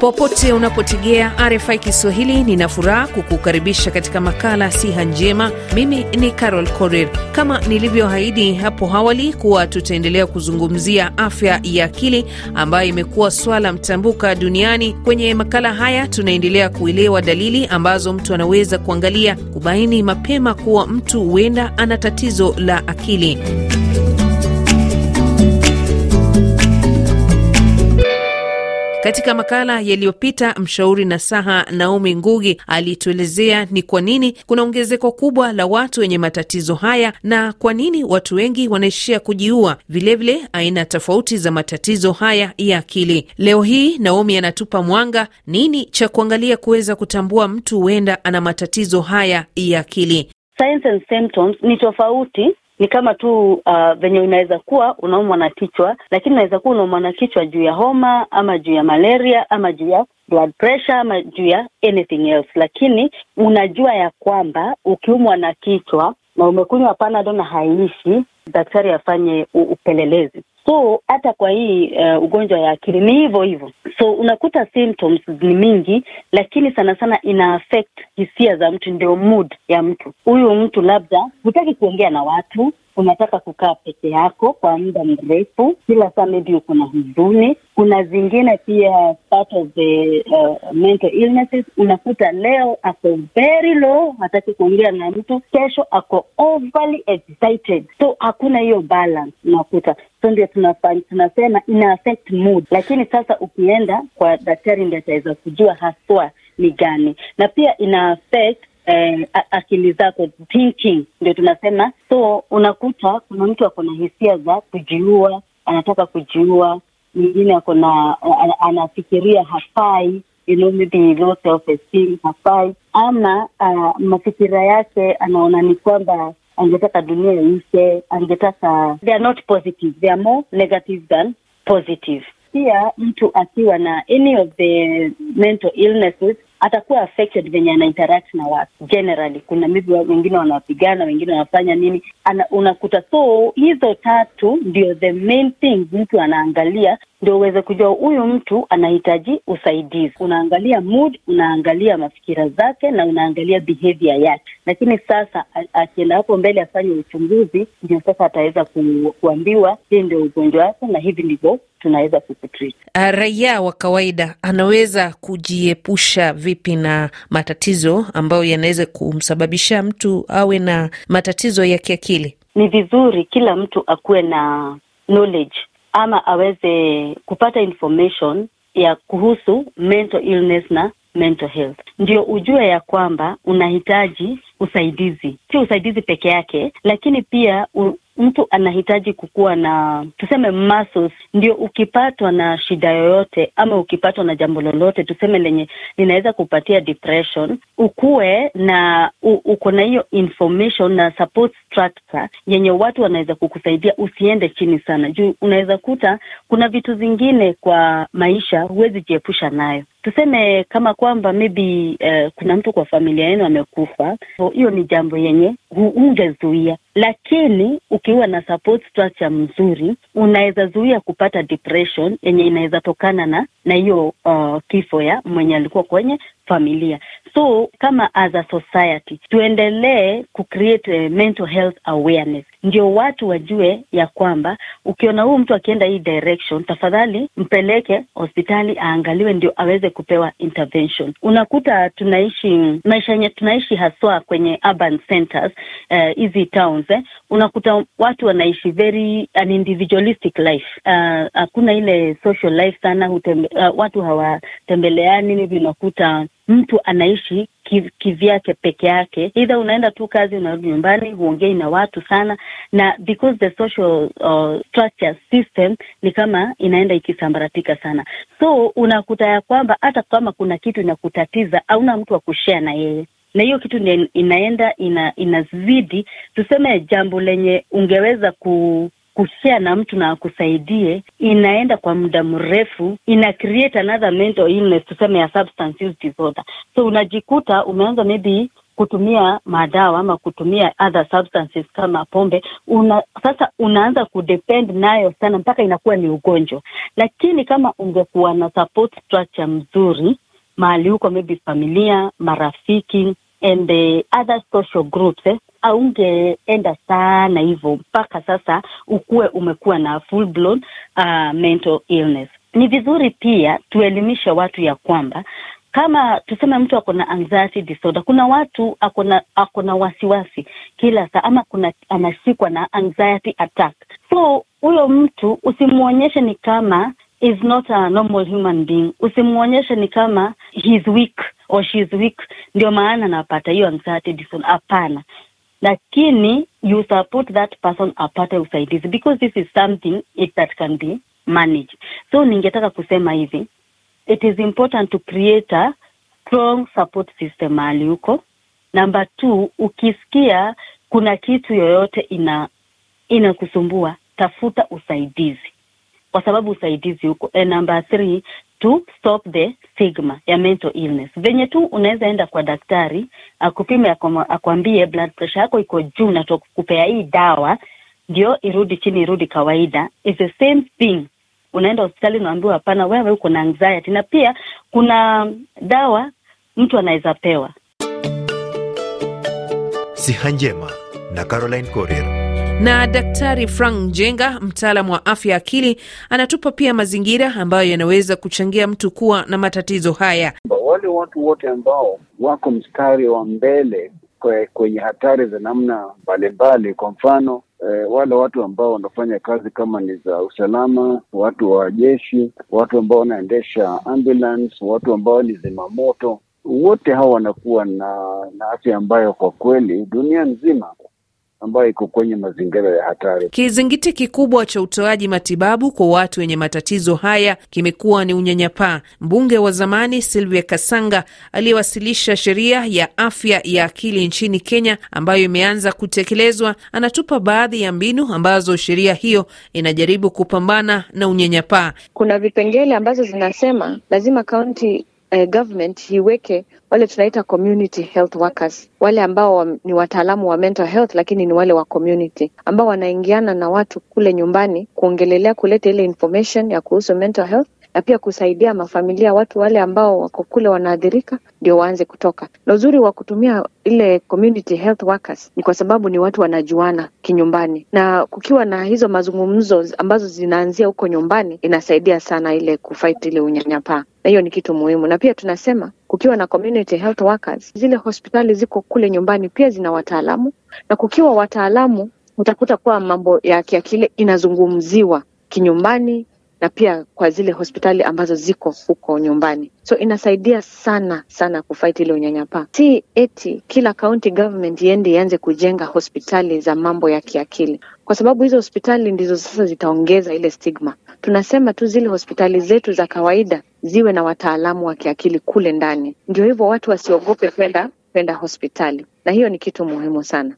Popote unapotegea RFI Kiswahili, nina furaha kukukaribisha katika makala Siha Njema. Mimi ni Carol corer Kama nilivyoahidi hapo awali kuwa tutaendelea kuzungumzia afya ya akili ambayo imekuwa swala mtambuka duniani. Kwenye makala haya tunaendelea kuelewa dalili ambazo mtu anaweza kuangalia kubaini mapema kuwa mtu huenda ana tatizo la akili. Katika makala yaliyopita, mshauri na saha Naomi Ngugi alituelezea ni kwa nini kuna ongezeko kubwa la watu wenye matatizo haya na kwa nini watu wengi wanaishia kujiua, vilevile aina tofauti za matatizo haya ya akili. Leo hii Naomi anatupa mwanga, nini cha kuangalia kuweza kutambua mtu huenda ana matatizo haya ya akili. Signs and symptoms ni tofauti ni kama tu uh, venye unaweza kuwa unaumwa na kichwa, lakini unaweza kuwa unaumwa na kichwa juu ya homa ama juu ya malaria ama juu ya blood pressure ama juu ya anything else, lakini unajua ya kwamba ukiumwa na kichwa na umekunywa panado na haiishi, daktari afanye upelelezi. So hata kwa hii uh, ugonjwa ya akili ni hivyo hivyo, so unakuta symptoms ni mingi, lakini sana sana ina affect hisia za mtu, ndio mood ya mtu. Huyu mtu labda hutaki kuongea na watu unataka kukaa peke yako kwa muda mrefu, kila saa maybe uko na huzuni. Kuna zingine pia part of the uh, mental illnesses, unakuta leo ako very low, hataki kuongea na mtu, kesho ako overly excited, so hakuna hiyo balance unakuta so ndio tunasema ina affect mood, lakini sasa ukienda kwa daktari ndio ataweza kujua haswa ni gani, na pia ina affect eh, akili zako thinking, ndio tunasema. So unakuta kuna mtu ako na hisia za kujiua, anataka kujiua, mwingine ako na anafikiria hafai You know, self-esteem hafai, ama uh, mafikira yake anaona ni kwamba angetaka dunia ishe, angetaka they are not positive, they are more negative than positive. Pia mtu akiwa na any of the mental illnesses atakuwa affected venye ana interact na watu generally. Kuna maybe wengine wanawapigana wengine wanafanya nini, ana, unakuta so hizo tatu ndio the main thing mtu anaangalia ndio uweze kujua huyu mtu anahitaji usaidizi. Unaangalia mood, unaangalia mafikira zake na unaangalia behavior yake. Lakini sasa akienda hapo mbele afanye uchunguzi, ndio sasa ataweza ku, kuambiwa hii ndio ugonjwa wake na hivi ndivyo tunaweza kukutrita Raia wa kawaida anaweza kujiepusha vipi na matatizo ambayo yanaweza kumsababisha mtu awe na matatizo ya kiakili? Ni vizuri kila mtu akuwe na knowledge ama aweze kupata information ya kuhusu mental illness na mental health, ndio ujue ya kwamba unahitaji usaidizi, si usaidizi peke yake, lakini pia u, mtu anahitaji kukuwa na tuseme muscles, ndio ukipatwa na shida yoyote ama ukipatwa na jambo lolote tuseme lenye linaweza kupatia depression, ukuwe na uko na hiyo information na support structure yenye watu wanaweza kukusaidia. Usiende chini sana, juu unaweza kuta kuna vitu zingine kwa maisha huwezi jiepusha nayo tuseme kama kwamba maybe uh, kuna mtu kwa familia yenu amekufa, hiyo ni jambo yenye hungezuia, lakini ukiwa na support structure mzuri unaweza zuia kupata depression yenye inaweza tokana na na hiyo uh, kifo ya mwenye alikuwa kwenye familia. So kama as a society tuendelee ku create a mental health awareness, ndio watu wajue ya kwamba ukiona huu mtu akienda hii direction, tafadhali mpeleke hospitali aangaliwe, ndio aweze kupewa intervention. Unakuta tunaishi maisha yenye tunaishi haswa kwenye urban centers eh, hizi uh, towns eh, unakuta watu wanaishi very an individualistic life ah, hakuna uh, ile social life sana hutembe, uh, ah, watu hawatembeleani hivi unakuta mtu anaishi kivyake peke yake, either unaenda tu kazi, unarudi nyumbani, huongei na watu sana, na because the social uh, structure system ni kama inaenda ikisambaratika sana, so unakuta ya kwamba hata kama kuna kitu inakutatiza hauna mtu wa kushare na yeye na hiyo kitu ina, inaenda ina, inazidi tuseme, jambo lenye ungeweza ku, kushare na mtu na akusaidie, inaenda kwa muda mrefu, ina create another mental illness, tuseme ya substance use disorder. So unajikuta umeanza maybe kutumia madawa ama kutumia other substances kama pombe, una sasa unaanza kudepend nayo sana mpaka inakuwa ni ugonjwa. Lakini kama ungekuwa na support structure mzuri mahali huko, maybe familia, marafiki and the other social groups eh, haungeenda sana hivyo mpaka sasa ukuwe umekuwa na full blown uh, mental illness. Ni vizuri pia tuelimisha watu ya kwamba kama tuseme mtu ako na anxiety disorder, kuna watu ako na ako na wasiwasi kila saa, ama kuna anashikwa na anxiety attack. So huyo mtu usimwonyeshe ni kama is not a normal human being, usimwonyeshe ni kama he's weak or she's weak, ndio maana anapata hiyo anxiety disorder. Hapana, lakini you support that person apate usaidizi because this is something it that can be managed. So ningetaka kusema hivi, it is important to create a strong support system mahali huko. number two, ukisikia kuna kitu yoyote ina inakusumbua, tafuta usaidizi kwa sababu usaidizi huko. and number three, to stop the stigma ya mental illness. Venye tu unaweza enda kwa daktari akupime, akwambie blood pressure yako iko juu na tukupea hii dawa ndio irudi chini, irudi kawaida, is the same thing. Unaenda hospitali unaambiwa hapana, wewe uko na anxiety. Na pia kuna dawa mtu anaweza pewa. Siha Njema na Caroline Corrier. Na Daktari Frank Jenga, mtaalamu wa afya akili, anatupa pia mazingira ambayo yanaweza kuchangia mtu kuwa na matatizo haya. Wale watu wote ambao wako mstari wa mbele kwenye hatari za namna mbalimbali, kwa mfano E, wale watu ambao wanafanya kazi kama ni za usalama, watu wa jeshi, watu ambao wanaendesha ambulance, watu ambao ni zimamoto, wote hawa wanakuwa na, na afya ambayo kwa kweli dunia nzima ambayo iko kwenye mazingira ya hatari. Kizingiti kikubwa cha utoaji matibabu kwa watu wenye matatizo haya kimekuwa ni unyanyapaa. Mbunge wa zamani Silvia Kasanga aliyewasilisha sheria ya afya ya akili nchini Kenya ambayo imeanza kutekelezwa, anatupa baadhi ya mbinu ambazo sheria hiyo inajaribu kupambana na unyanyapaa. Kuna vipengele ambazo zinasema lazima kaunti eh, government iweke wale tunaita community health workers, wale ambao wa, ni wataalamu wa mental health, lakini ni wale wa community ambao wanaingiana na watu kule nyumbani kuongelelea kuleta ile information ya kuhusu mental health na pia kusaidia mafamilia, watu wale ambao wako kule wanaathirika ndio waanze kutoka. Na uzuri wa kutumia ile community health workers ni kwa sababu ni watu wanajuana kinyumbani, na kukiwa na hizo mazungumzo ambazo zinaanzia huko nyumbani, inasaidia sana ile kufight ile unyanyapaa na hiyo ni kitu muhimu. Na pia tunasema kukiwa na community health workers, zile hospitali ziko kule nyumbani pia zina wataalamu, na kukiwa wataalamu utakuta kuwa mambo ya kiakili inazungumziwa kinyumbani na pia kwa zile hospitali ambazo ziko huko nyumbani. So inasaidia sana sana kufight ile unyanyapaa. Si eti kila county government iende ianze kujenga hospitali za mambo ya kiakili, kwa sababu hizo hospitali ndizo sasa zitaongeza ile stigma. Tunasema tu zile hospitali zetu za kawaida ziwe na wataalamu wa kiakili kule ndani, ndio hivyo watu wasiogope kwenda kwenda hospitali, na hiyo ni kitu muhimu sana.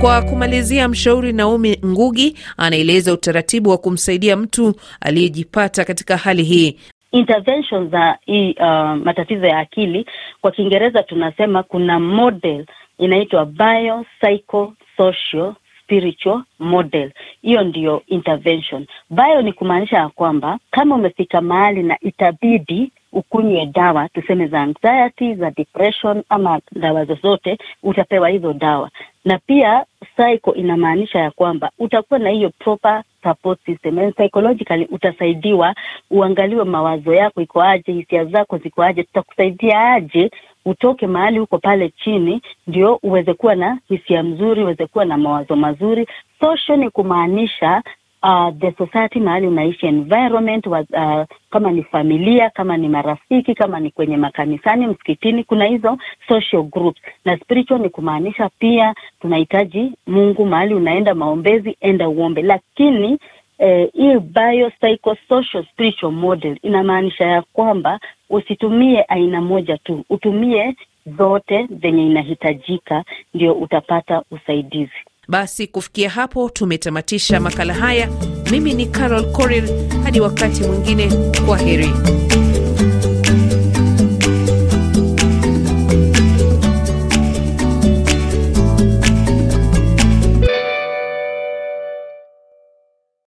Kwa kumalizia, mshauri Naomi Ngugi anaeleza utaratibu wa kumsaidia mtu aliyejipata katika hali hii. Intervention za hii uh, matatizo ya akili kwa Kiingereza tunasema kuna model inaitwa biopsychosocial spiritual model. Hiyo ndiyo intervention. Bio ni kumaanisha ya kwamba kama umefika mahali na itabidi ukunywe dawa tuseme za anxiety, za depression ama dawa zozote, utapewa hizo dawa na pia psycho inamaanisha ya kwamba utakuwa na hiyo proper support system and psychologically utasaidiwa, uangaliwe mawazo yako iko aje, hisia zako ziko aje, tutakusaidia aje utoke mahali huko pale chini, ndio uweze kuwa na hisia mzuri, uweze kuwa na mawazo mazuri. Social ni kumaanisha uh, the society mahali unaishi environment was, uh, kama ni familia, kama ni marafiki, kama ni kwenye makanisani, msikitini, kuna hizo social groups. Na spiritual ni kumaanisha pia tunahitaji Mungu mahali unaenda maombezi, enda uombe, lakini eh, hii biopsychosocial spiritual model inamaanisha ya kwamba usitumie aina moja tu, utumie zote zenye inahitajika, ndio utapata usaidizi. Basi kufikia hapo tumetamatisha makala haya. Mimi ni Carol Korir, hadi wakati mwingine, kwa heri.